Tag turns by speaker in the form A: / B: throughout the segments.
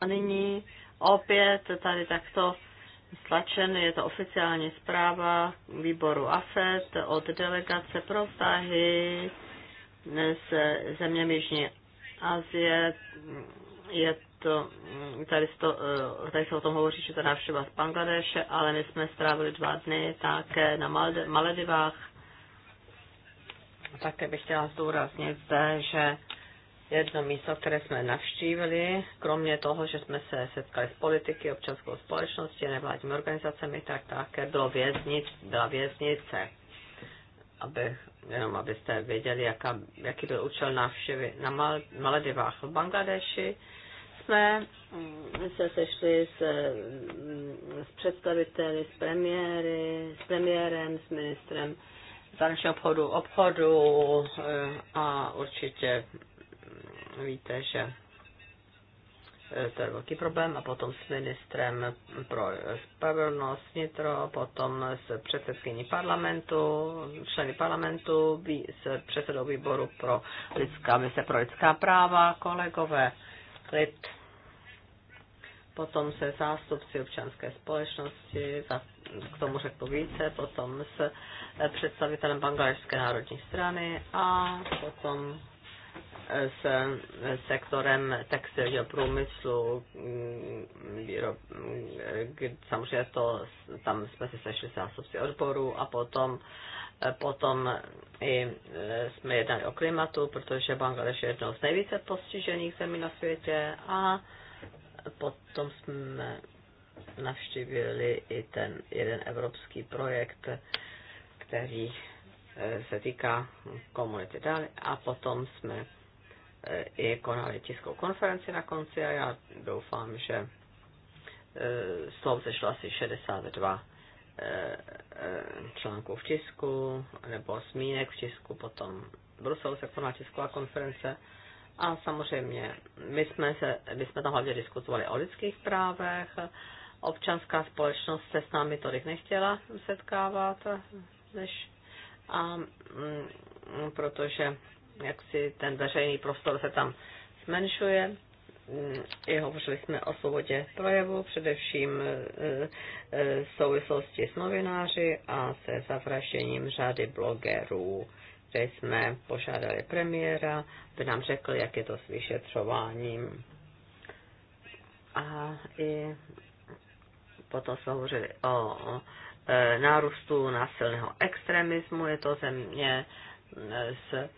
A: A nyní opět tady takto stlačen, je to oficiální zpráva výboru AFET od delegace pro vztahy s zeměmi Jižní Azie. Je to, tady, to, eh, tady se o tom hovoří, že to návštěva z Bangladeše, ale my jsme strávili dva dny také na Maledivách. Také bych chtěla zdůraznit zde, že jedno místo, které jsme navštívili, kromě toho, že jsme se setkali s politiky, občanskou společností, nevládními organizacemi, tak také bylo věznic, byla věznice. Aby, jenom abyste věděli, jaká, jaký byl účel návštěvy na Mal, Maledivách v Bangladeši. Jsme mm, se sešli s, mm, s představiteli, s, premiéry, s premiérem, s ministrem zahraničního obchodu, obchodu eh, a určitě víte, že e, to je velký problém, a potom s ministrem pro spravedlnost vnitro, potom s předsedkyní parlamentu, členy parlamentu, s předsedou výboru pro lidská, mise pro lidská práva, kolegové, klid, potom se zástupci občanské společnosti, k tomu řeknu více, potom s představitelem Bangladešské národní strany a potom s sektorem textilního průmyslu, mm, mm, samozřejmě to, tam jsme se sešli se zástupci odboru a potom, potom i e, jsme jednali o klimatu, protože Bangladeš je jednou z nejvíce postižených zemí na světě a potom jsme navštívili i ten jeden evropský projekt, který e, se týká komunity dále a potom jsme i konali tiskovou konferenci na konci a já doufám, že slov e, sešlo asi 62 e, e, článků v tisku nebo zmínek v tisku, potom v Bruselu se konala tisková konference a samozřejmě my jsme, se, my jsme tam hlavně diskutovali o lidských právech, občanská společnost se s námi tolik nechtěla setkávat, než a, m, protože jak si ten veřejný prostor se tam zmenšuje. Mm, I hovořili jsme o svobodě projevu, především e, e, v souvislosti s novináři a se zavražděním řady blogerů, kde jsme požádali premiéra, aby nám řekl, jak je to s vyšetřováním. A i potom jsme hovořili o e, nárůstu násilného extremismu. Je to země s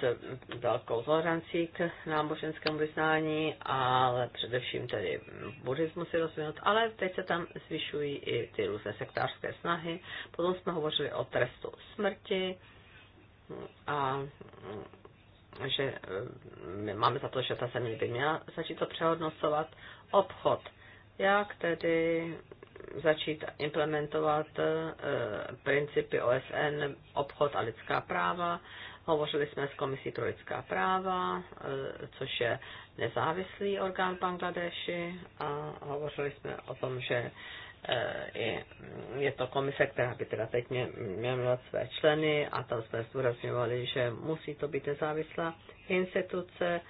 A: s velkou tolerancí k náboženskému vyznání, ale především tedy buddhismus je rozvinut, ale teď se tam zvyšují i ty různé sektářské snahy. Potom jsme hovořili o trestu smrti a že my eh, máme za to, že ta země by měla začít to přehodnocovat. Obchod. Jak tedy začít implementovat eh, principy OSN, obchod a lidská práva. Hovořili jsme s Komisí pro lidská práva, eh, což je nezávislý orgán v Bangladeši a hovořili jsme o tom, že eh, mm, je, to komise, která by teda teď měla mít své členy a tam jsme zdůrazňovali, že musí to být nezávislá instituce,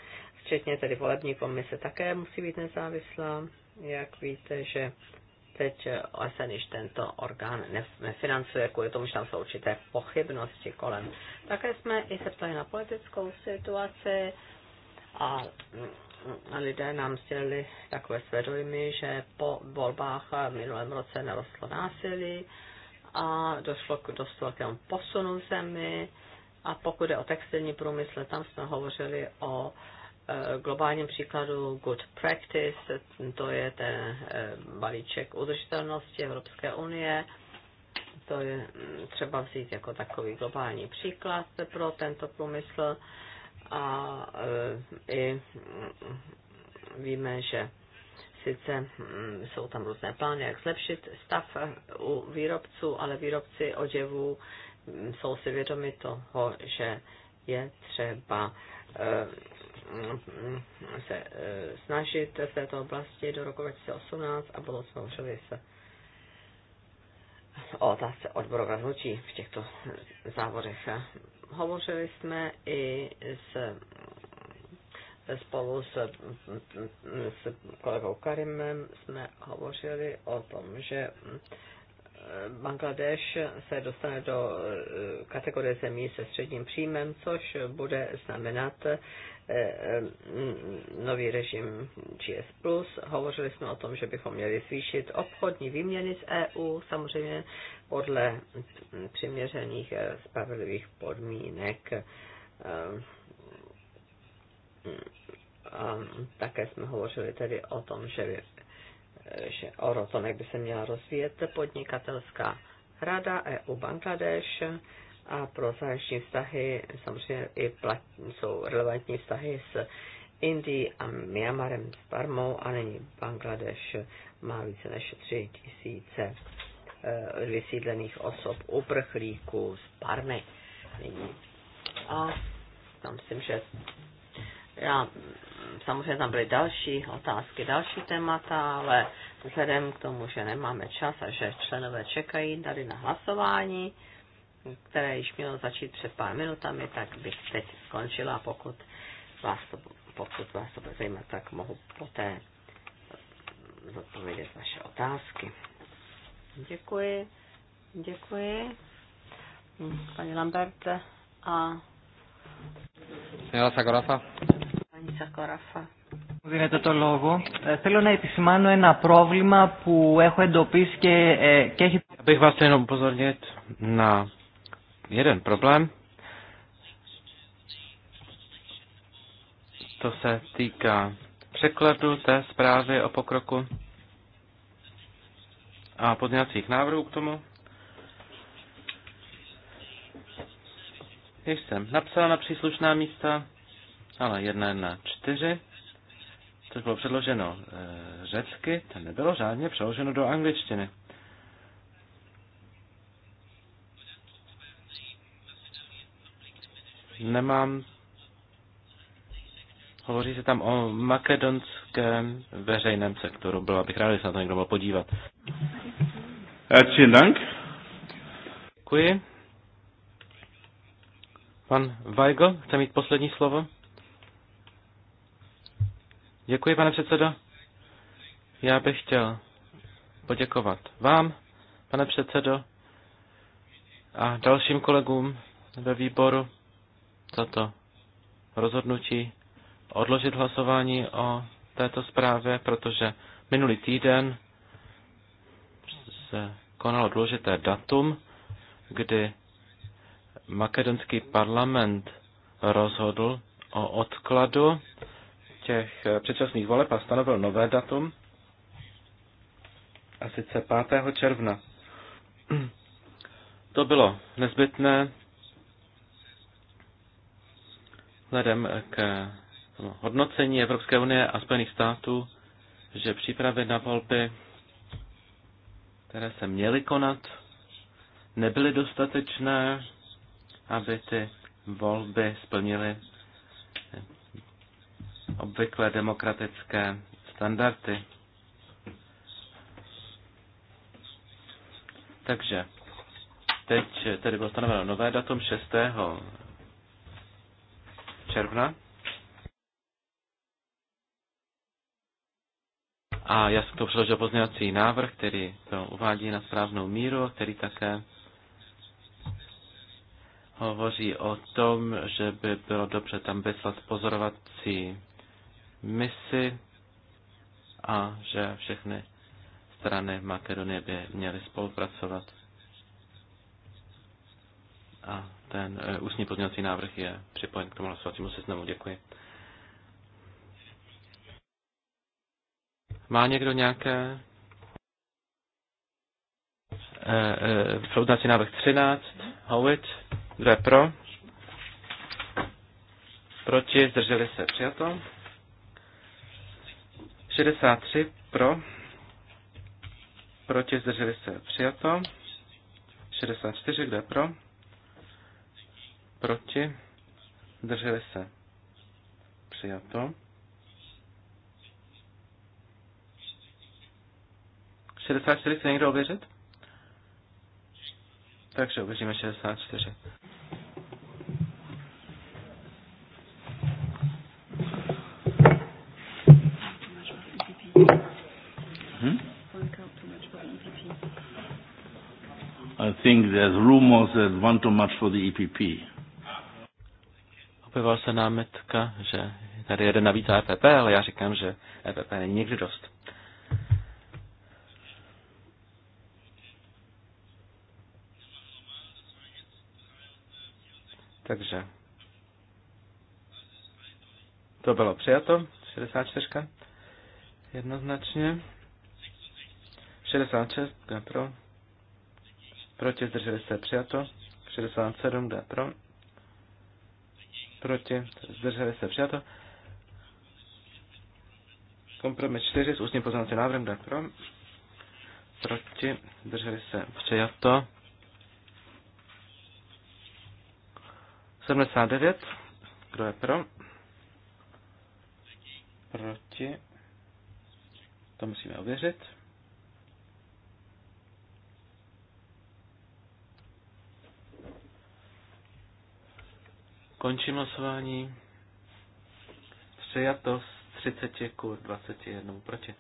A: včetně tedy volební komise také musí být nezávislá. Jak víte, že teď OSN již tento orgán nefinancuje, kvůli tomu, že tam jsou určité pochybnosti kolem. Také jsme i se ptali na politickou situaci a, a lidé nám sdělili takové své dojmy, že po volbách v minulém roce narostlo násilí a došlo k dost velkému posunu zemi. A pokud je o textilní průmysl, tam jsme hovořili o uh, Eh, globálním příkladu Good Practice, to je ten eh, balíček udržitelnosti Evropské unie. To je mm, třeba vzít jako takový globální příklad pro tento průmysl a eh, i mm, víme, že sice mm, jsou tam různé plány, jak zlepšit stav u výrobců, ale výrobci oděvů jsou si vědomi toho, že je třeba se eh, snažit v této oblasti do roku 2018 a budou jsme se o otázce odboru rozhodčí v těchto závodech. Hovořili jsme i s spolu s, s kolegou Karimem jsme hovořili o tom, že eh, Bangladeš se dostane do eh, kategorie zemí se středním příjmem, což bude znamenat E, e, nový režim GS+. Hovořili jsme o tom, že bychom měli zvýšit obchodní výměny z EU, samozřejmě podle přiměřených e, spravedlivých podmínek. A také jsme hovořili tedy o tom, že, že o rotonek by se měla rozvíjet podnikatelská rada EU Bangladeš a pro zahraniční vztahy samozřejmě i plat, jsou relevantní vztahy s Indií a Myanmarem s Parmou a není Bangladeš má více než 3 tisíce eh, vysídlených osob uprchlíků z Parmy. Nyní. A tam myslím, že já, samozřejmě tam byly další otázky, další témata, ale vzhledem k tomu, že nemáme čas a že členové čekají tady na hlasování, které již mělo začít před pár minutami, tak bych teď skončila, pokud vás to, pokud vás to bude zajímat, tak mohu poté zodpovědět vaše
B: otázky.
A: Děkuji, děkuji, paní Lambert a
B: paní Sakorafa.
A: Paní Sakorafa.
B: δίνετε το λόγο. Ε, θέλω να επισημάνω ένα πρόβλημα
C: που έχω εντοπίσει και,
B: ε, και έχει... Bych vás na jeden problém. To se týká překladu té zprávy o pokroku a podněcích návrhů k tomu. Když jsem napsal na příslušná místa, ale jedna na čtyři, což bylo předloženo e, řecky, to nebylo řádně přeloženo do angličtiny. nemám. Hovoří se tam o makedonském veřejném sektoru. Byla bych rád, se na to někdo mohl podívat. Eh, Dank. Děkuji. Pan Weigl chce mít poslední slovo. Děkuji, pane předsedo. Já bych chtěl poděkovat vám, pane předsedo, a dalším kolegům ve výboru toto rozhodnutí odložit hlasování o této zprávě, protože minulý týden se konalo důležité datum, kdy makedonský parlament rozhodl o odkladu těch předčasných voleb a stanovil nové datum, a sice 5. června. To bylo nezbytné vzhledem k hodnocení Evropské unie a Spojených států, že přípravy na volby, které se měly konat, nebyly dostatečné, aby ty volby splnily obvykle demokratické standardy. Takže teď tedy bylo stanoveno nové datum 6 června. A já jsem to přeložil pozměňovací návrh, který to uvádí na správnou míru, který také hovoří o tom, že by bylo dobře tam vyslat pozorovací misi a že všechny strany Makedonie by měly spolupracovat. A ten eh, ústní pozměňovací návrh je připojen k tomu hlasovacímu seznamu. Děkuji. Má někdo nějaké eh, eh, Pozměňovací návrh 13, Howitt, kdo je pro? Proti, zdrželi se, přijato. 63 pro, proti, zdrželi se, přijato. 64, kdo je pro? Proti? zdrželi se. Přijato. čtyři, chce někdo ověřit? Takže ověříme 64. čtyři.
C: Hm? I think there's rumors that one too much
B: for the EPP objevila se námitka, že tady jeden navíc a e EPP, ale já říkám, že EPP není nikdy dost. Takže to bylo přijato, 64. Jednoznačně. 66 kde pro. Proti zdrželi se přijato. 67 kde pro proti, zdrželi se přijato. Kompromis 4 s ústním pozornacím návrhem, kdo pro, proti, zdrželi se přijato. 79, kdo je pro, proti, to musíme ověřit. Končím hlasování. Přijato z 30 k 21 proti.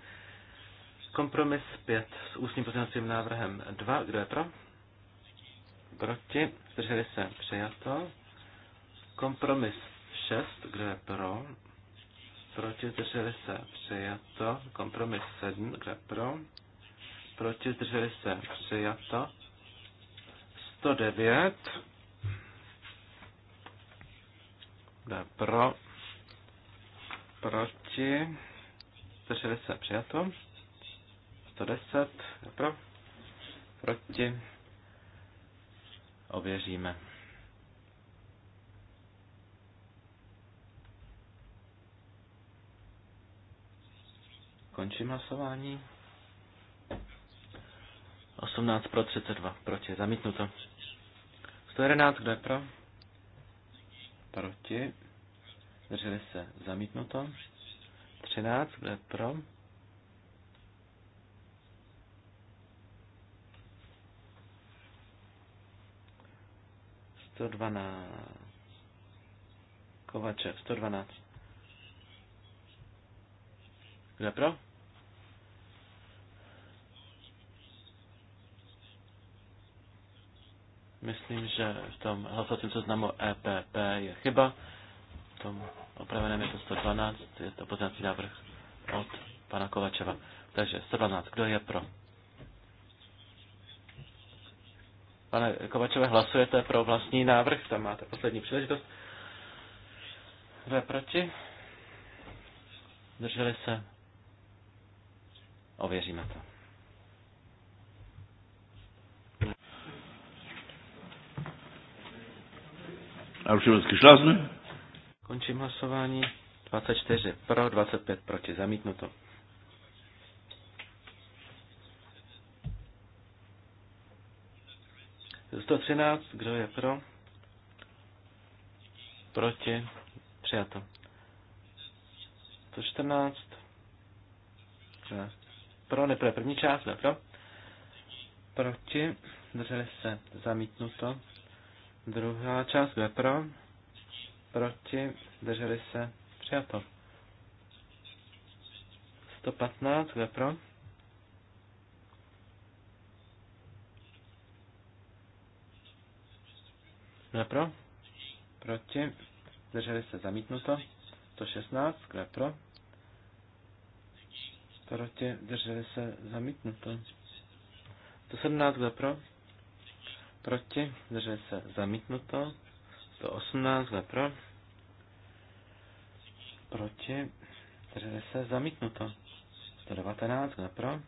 B: Kompromis 5 s ústním pozměňovacím návrhem 2. Kdo je pro? Proti. Zdrželi se. Přijato. Kompromis 6. Kdo je pro? Proti. Zdrželi se. Přijato. Kompromis 7. Kdo je pro? Proti. Zdrželi se. Přijato. 109 Kdo pro? Proti? 160 přijato. 110 pro. Proti? Ověříme. Končím hlasování. 18 pro 32, proti, zamítnuto. 111, kdo je pro? proti, zdrželi se zamítnuto, 13, kdo pro, Sto dvanáct. Kovačev, 112. Kdo je pro? Myslím, že v tom hlasovacím seznamu EPP je chyba. V tom opraveném je to 112, je to poznací návrh od pana Kovačeva. Takže 112, kdo je pro? Pane Kovačeve, hlasujete pro vlastní návrh, tam máte poslední příležitost. Kdo je proti? Drželi se? Ověříme to.
C: A jsme
B: Končím hlasování. 24 pro, 25 proti. Zamítnuto. Z 113, kdo je pro? Proti. Přijato. 114. Ne. Pro, ne pro, první část, ne pro. Proti. Drželi se. Zamítnuto. Druhá část, kde pro, proti, zdrželi se, přijato. 115, kde pro, kde pro, proti, zdrželi se, zamítnuto. 116, kde pro, proti, zdrželi se, zamítnuto. 117, kde pro, proti, zdrželi se zamítnuto, 118 ve pro, proti, zdrželi se zamítnuto, 119 ve pro,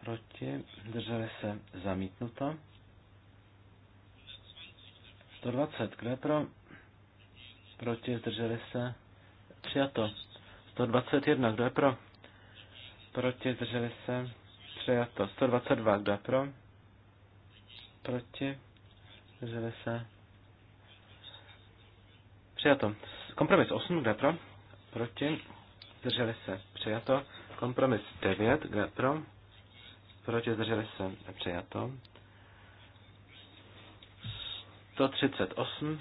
B: proti, zdrželi se zamítnuto, 120 kde pro, proti, zdrželi se přijato, 121 kdo je pro, proti, zdrželi se přijato, 122 kdo je pro, proti, zdrželi se. Přijato. Kompromis 8, kde pro, proti, zdrželi se. Přijato. Kompromis 9, kde pro, proti, zdrželi se. Přijato. 138.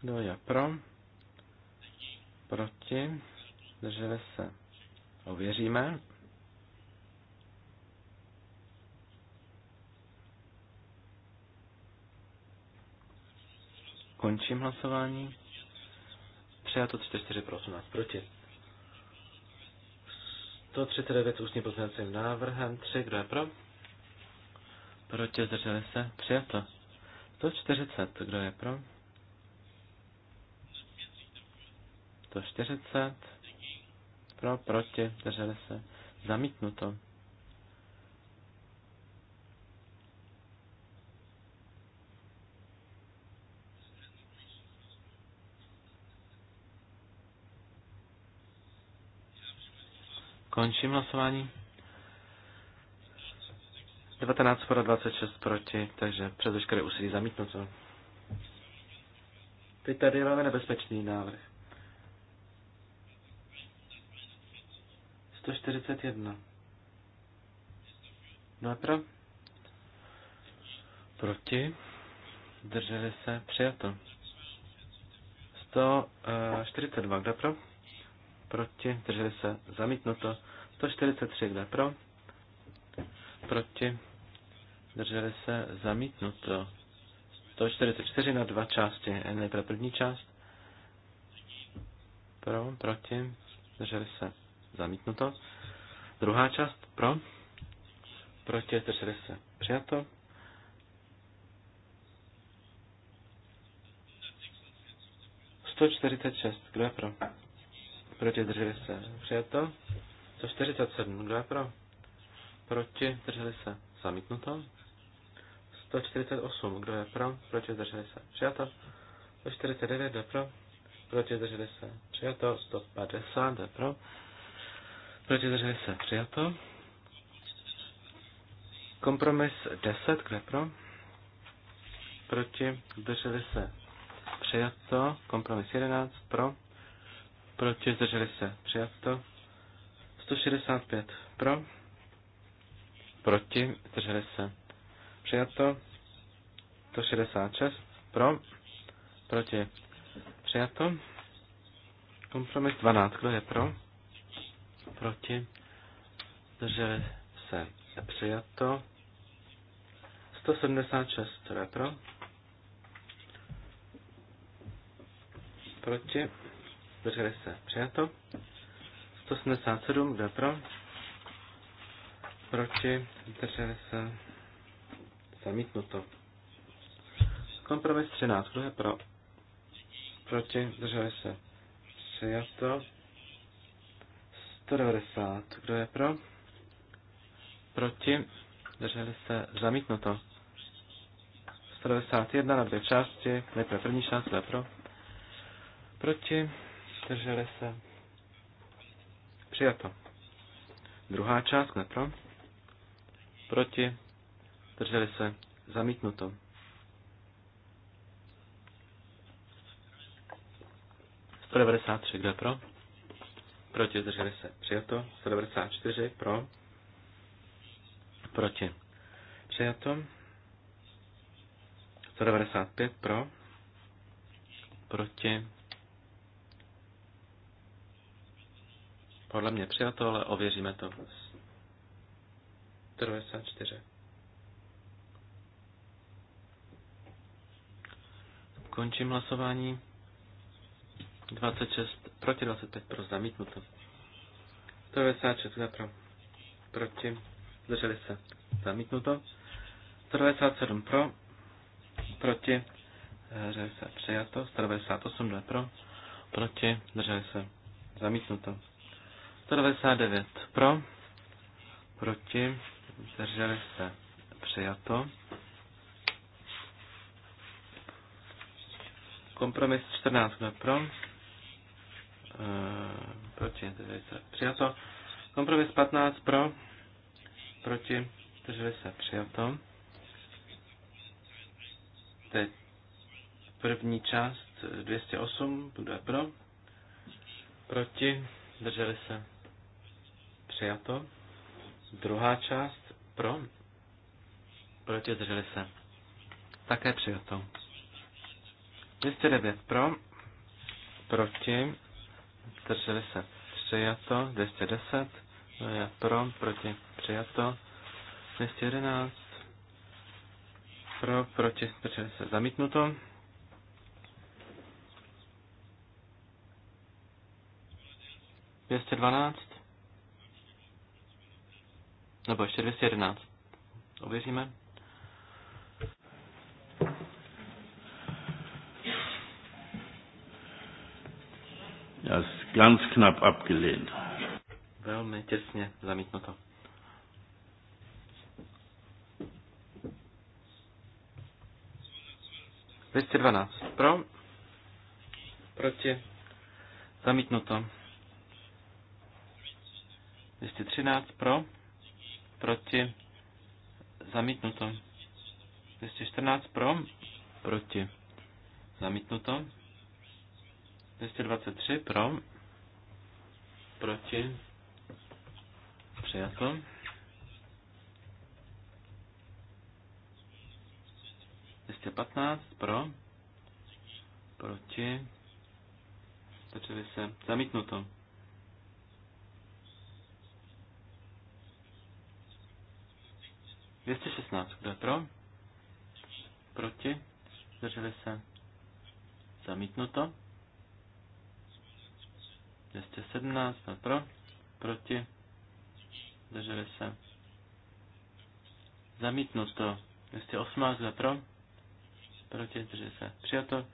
B: Kdo je pro? Proti? Zdrželi se. Ověříme. Končím hlasování. Přijato 44 pro 18 proti. 139 ústní pozměňovacím návrhem. 3. Kdo je pro? Proti zdrželi se. Přijato. 140. Kdo je pro? 140. Pro, proti, zdrželi se. Zamítnuto. Končím hlasování. 19 pro 26 proti, takže přes veškeré úsilí zamítnuto. Teď tady máme nebezpečný návrh. 141. No a pro? Proti. Drželi se. Přijato. 142. Eh, Kdo pro? proti, drželi se, zamítnuto. 143, kde pro, proti, drželi se, zamítnuto. 144 na dva části, nejprve první část, pro, proti, drželi se, zamítnuto. Druhá část, pro, proti, drželi se, přijato. Sto šest, kdo je pro? proti drželi se přijato, 147, kdo je pro, proti drželi se zamítnuto, 148, kdo je pro, proti drželi se přijato, 149, kdo je pro, proti drželi se přijato, 150, kdo je pro, proti drželi se přijato, kompromis 10, kdo je pro, proti drželi se přijato, kompromis 11, pro, proti, zdrželi se, přijato. 165 pro, proti, zdrželi se, přijato. 166 pro, proti, přijato. Kompromis 12, kdo je pro, proti, zdrželi se, přijato. 176 kdo je pro, proti, zdrželi se, přijato. 177, kdo pro, proti, zdrželi se, zamítnuto. Kompromis 13, kdo je pro, proti, zdrželi se, přijato. 190, kdo je pro, proti, zdrželi se, zamítnuto. 191 na dvě části, nejprve první část, pro, proti, Zdrželi se. Přijato. Druhá část, ne pro? Proti. Zdrželi se. Zamítnuto. tři, kde pro? Proti, zdrželi se. Přijato. 194 pro. Proti. Přijato. 195 pro. Proti. Podle mě přijato, ale ověříme to. 94. Končím hlasování. 26 proti 25 pro zamítnuto. 196 pro. Proti. Zdrželi se. Zamítnuto. 197 pro. Proti. Zdrželi se. Přijato. 198 pro. Proti. Zdrželi se. Zamítnuto. 199 pro, proti, zdrželi se přijato. Kompromis 14 kdo pro, eh, proti, zdrželi se přijato. Kompromis 15 pro, proti, zdrželi se přijato. Teď první část 208 bude pro, proti, zdrželi se Přijato. Druhá část pro. Proti drželi se. Také přijato. 209 pro. Proti. drželi se. Přijato. 210. Pro. Proti. Přijato. 211. Pro. Proti. Zdrželi se. Zamítnuto. Dvěstě dvanáct. Nebo ještě 211. Ověříme.
C: Já ganz knapp abgelehnt.
B: Velmi těsně zamítnuto. Vestě 12. Pro? Proti? Zamítnuto. 213 pro? proti, zamítnuto. 214 pro, proti, zamítnuto. 223 pro, proti, přijato. 215 pro, proti, takže se zamítnuto. 216. Kdo je pro? Proti? Zdrželi se? Zamítnuto. 217. Kdo je pro? Proti? Zdrželi se? Zamítnuto. 218. Kdo je pro? Proti? Zdrželi se? Přijato.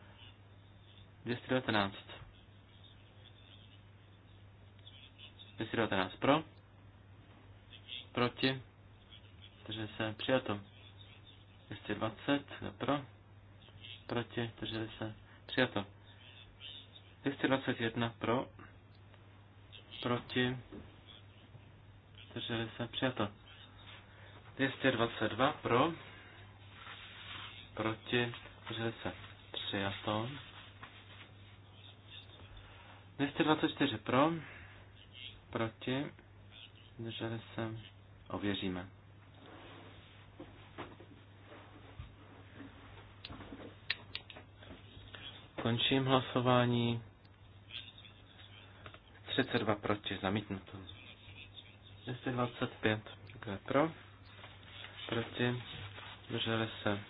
B: 219. 219 pro. Proti? takže se, přijato. 220, pro, proti, takže se, přijato. 221, pro, proti, takže se, přijato. 222, pro, proti, takže se, přijato. 224 pro, proti, takže se, ověříme. Končím hlasování. 32 proti, zamítnuto. 225, kdo je pro? Proti, drželi se.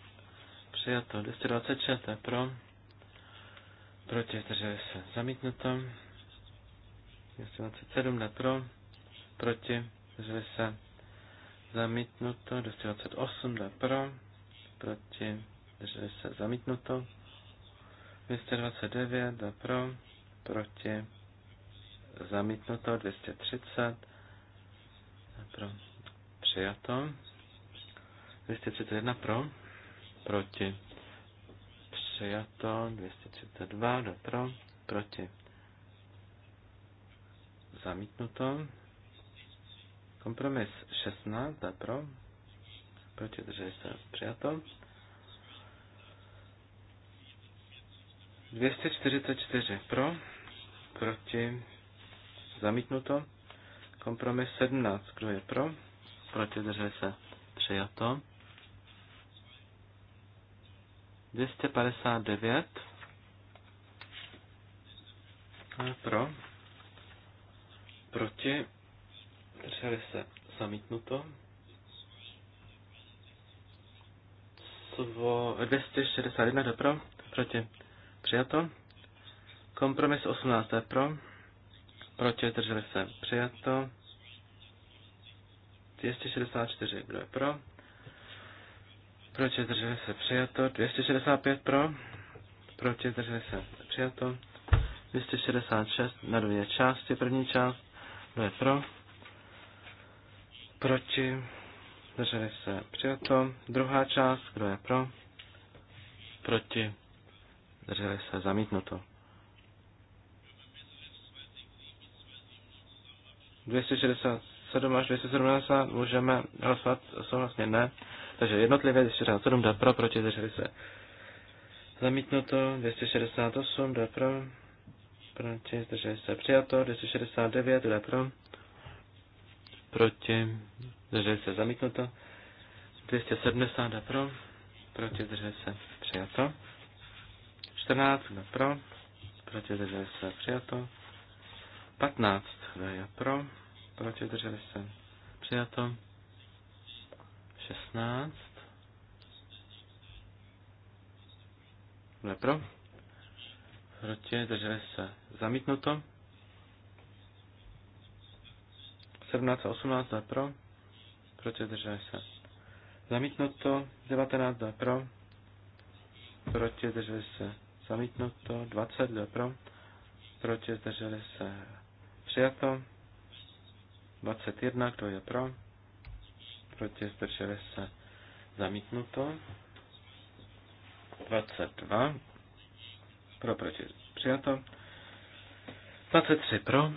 B: Přijato. 226, je pro? Proti, drželi se. Zamítnuto. 227, je pro? Proti, drželi se. Zamítnuto. 228, je pro? Proti, drželi se. Zamítnuto. 229 a pro, proti, zamítnuto, 230 a pro, přijato, 231 pro, proti, přijato, 232 do pro, proti, zamítnuto, kompromis 16 a pro, proti, drželi se, přijato, 244 pro, proti, zamítnuto. Kompromis 17, kdo je pro, proti, drží se, přijato. 259 a pro, proti, drželi se, zamítnuto. 261 do pro, proti, přijato. Kompromis 18 pro, proti zdrželi se přijato. 264, kdo je pro? Proti zdrželi se přijato. 265 pro, proti zdrželi se přijato. 266 na dvě části, první část, kdo je pro? Proti drželi se přijato. Druhá část, kdo je pro? Proti držely se, zamítnuto. 267 až 270 můžeme hlasovat souhlasně ne. Takže jednotlivě 267 jde pro, proti zdrželi se. Zamítnuto 268 jde pro, proti zdrželi se. Přijato 269 jde pro, proti zdrželi se. Zamítnuto 270 jde pro, proti zdrželi se. Přijato. 14, kdo pro, proti drželi se přijato. 15, kdo je pro, proti drželi se přijato. 16, ne pro, proti drželi se zamítnuto. 17 a 18 dá pro, proti drželi se. Zamítnuto 19 dá pro, proti drželi se zamítnuto, 20 jde pro, proti zdrželi se přijato, 21, kdo je pro, proti zdrželi se zamítnuto, 22, pro, proti přijato, 23 pro,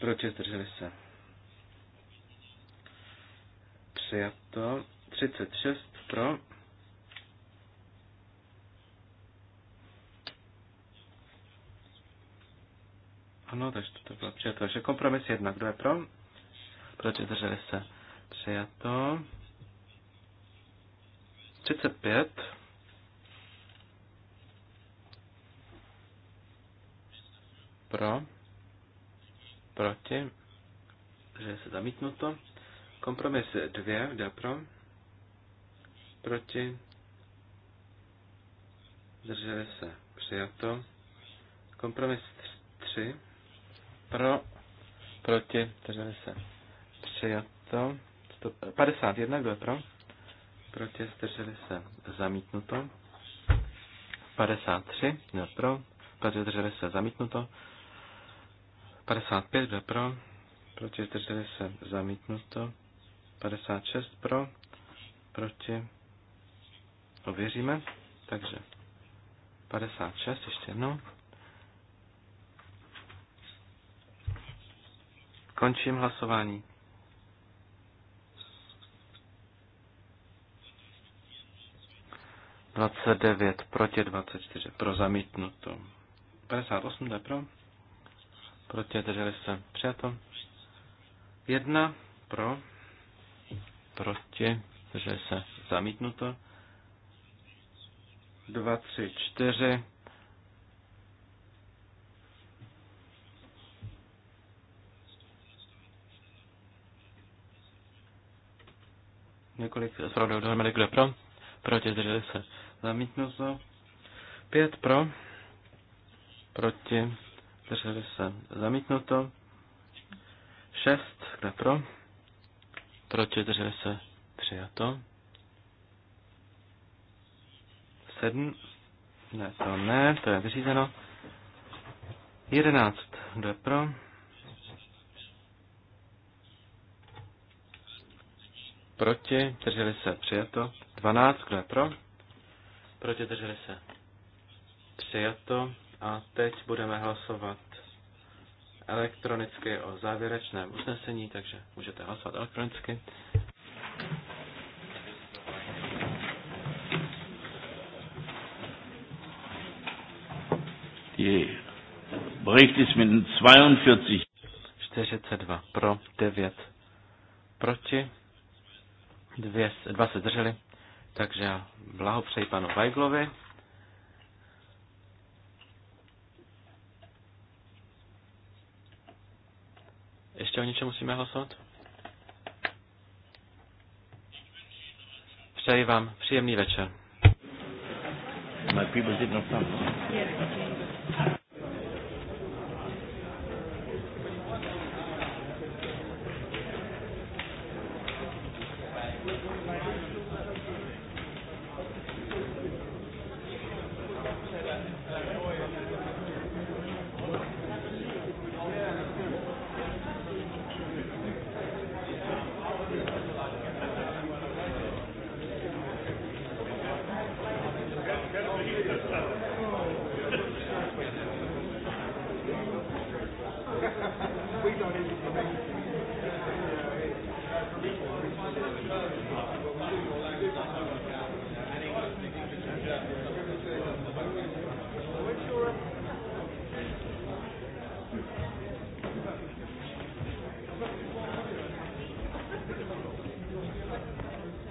B: proti zdrželi se přijato, 36 pro, Ano, takže to bylo přijato. Takže kompromis jedna. Kdo je pro? Proti drželi se. Přijato. 35. Pro. Proti. Že se zamítnuto. Kompromis dvě. Kdo je pro? Proti. Drželi se. Přijato. Kompromis 3 pro, proti, zdrželi se přijato. 51, kdo je pro? Proti, zdrželi se zamítnuto. 53, kdo je pro? Proti, zdrželi se zamítnuto. 55, kdo je pro? Proti, zdrželi se zamítnuto. 56 pro, proti, ověříme, takže 56 ještě jednou. Končím hlasování. Dvacet devět proti dvacet čtyři pro zamítnuto. Padesát osm jde pro. Proti drželi se přijato. Jedna pro. Proti drželi se zamítnuto. Dva, tři, čtyři Několik zpravodajů dohromady, kdo pro? Proti, zdrželi se. to, Pět pro. Proti, zdrželi se. to, Šest, kdo pro? Proti, zdrželi se. Přijato. Sedm. Ne, to ne, to je vyřízeno. Jedenáct, kdo pro? proti, drželi se, přijato. 12, kdo je pro, proti, drželi se, přijato. A teď budeme hlasovat elektronicky o závěrečném usnesení, takže můžete hlasovat elektronicky. Die Bericht ist mit 42 42 pro 9 proti Dvě, dva se drželi, takže já blahopřeji panu Weiglovi. Ještě o něčem musíme hlasovat? Přeji vám příjemný večer. My people did not come.
C: Yes.